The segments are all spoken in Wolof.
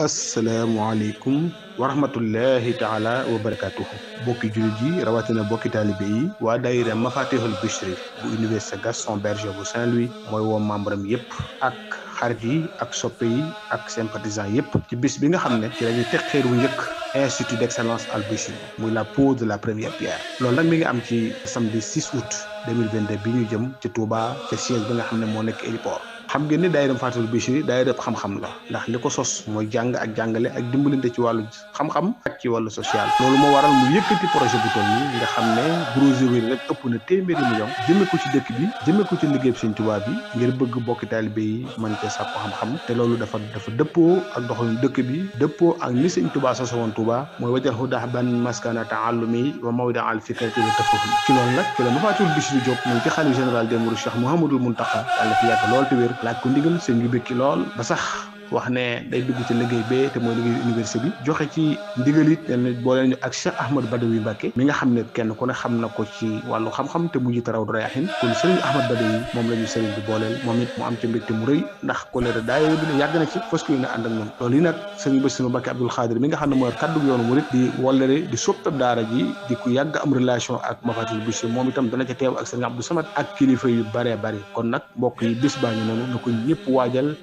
السلام عليكم ورحمة الله تعالى وبركاته بوكي جلجي رواتنا بوكي تالبي ودائرة مفاتيح البشر بو انويسة غسان برجة بو سان لوي مويو مامبرم يب اك خارجي اك سوبي اك سيمباتيزان يب تي بينا خمنا تي تخير ويك Institut d'excellence Al-Bushri, qui la peau de la première pierre. Lors de samedi 6 août 2022, nous avons le siège de l'Hélipore. xam ngeen ni daayira Fatul Bichri daayira xam-xam la ndax li ko sos mooy jàng ak jàngale ak dimbalante ci wàllu xam-xam ak ci wàllu social loolu moo waral mu yëkkati projet bu toll nii nga xam ne projet bi rek ëpp na téeméeri million jëme ko ci dëkk bi jëme ci liggéey Sëñ Tuubaa bi ngir bëgg bokki taalibe yi mën cee sàkku xam-xam te loolu dafa dafa dëppoo ak doxalin dëkk bi dëppoo ak ni Sëñ Tuubaa soso woon Tuubaa mooy wajal hudax ban maskana taallumi wa mawda al fikrati wa tafahum ci loolu nag la Fatul Bichri Diop moom ci xalif général des Mourides Cheikh Mouhamadoul Mountakha yàlla fi lool te wér laaj ko ndigal sëñ bi bëkki lool ba sax wax ne day dugg ci liggéey bee te mooy liggéey université bi joxe ci ndigal ne boole ñu ak Cheikh Ahmad Badawi Mbacke mi nga xam ne kenn ku ne xam na ko ci wàllu xam-xam te mujj taraw rayaxin kon Serigne Ahmad la ñu Serigne bi booleel moom it mu am ci mbégte mu rëy ndax koleere daayoo bi ne yàgg na ci fas yéene ànd ak ñoom loolu yi nag Serigne Bassirou Mbacke Abdoul Khadir mi nga xam ne mooy kaddu yoonu murit di wollere di soppeb daara ji di ku yàgg am relation ak Mafatil Bichri moom itam dana ca teew ak Serigne Abdou Samad ak kilifa yu bare bare kon nag mbokk yi bis baa ñu noonu na ko ñëpp waajal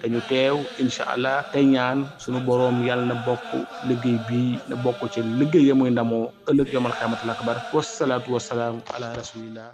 la tey ñaan suñu boroom yàlla na bokk liggéey bi na bokk ci liggéey ya muy ndamoo ëllëg yomal xiyamatul akbar wasalaatu wasalaam ala rasulillah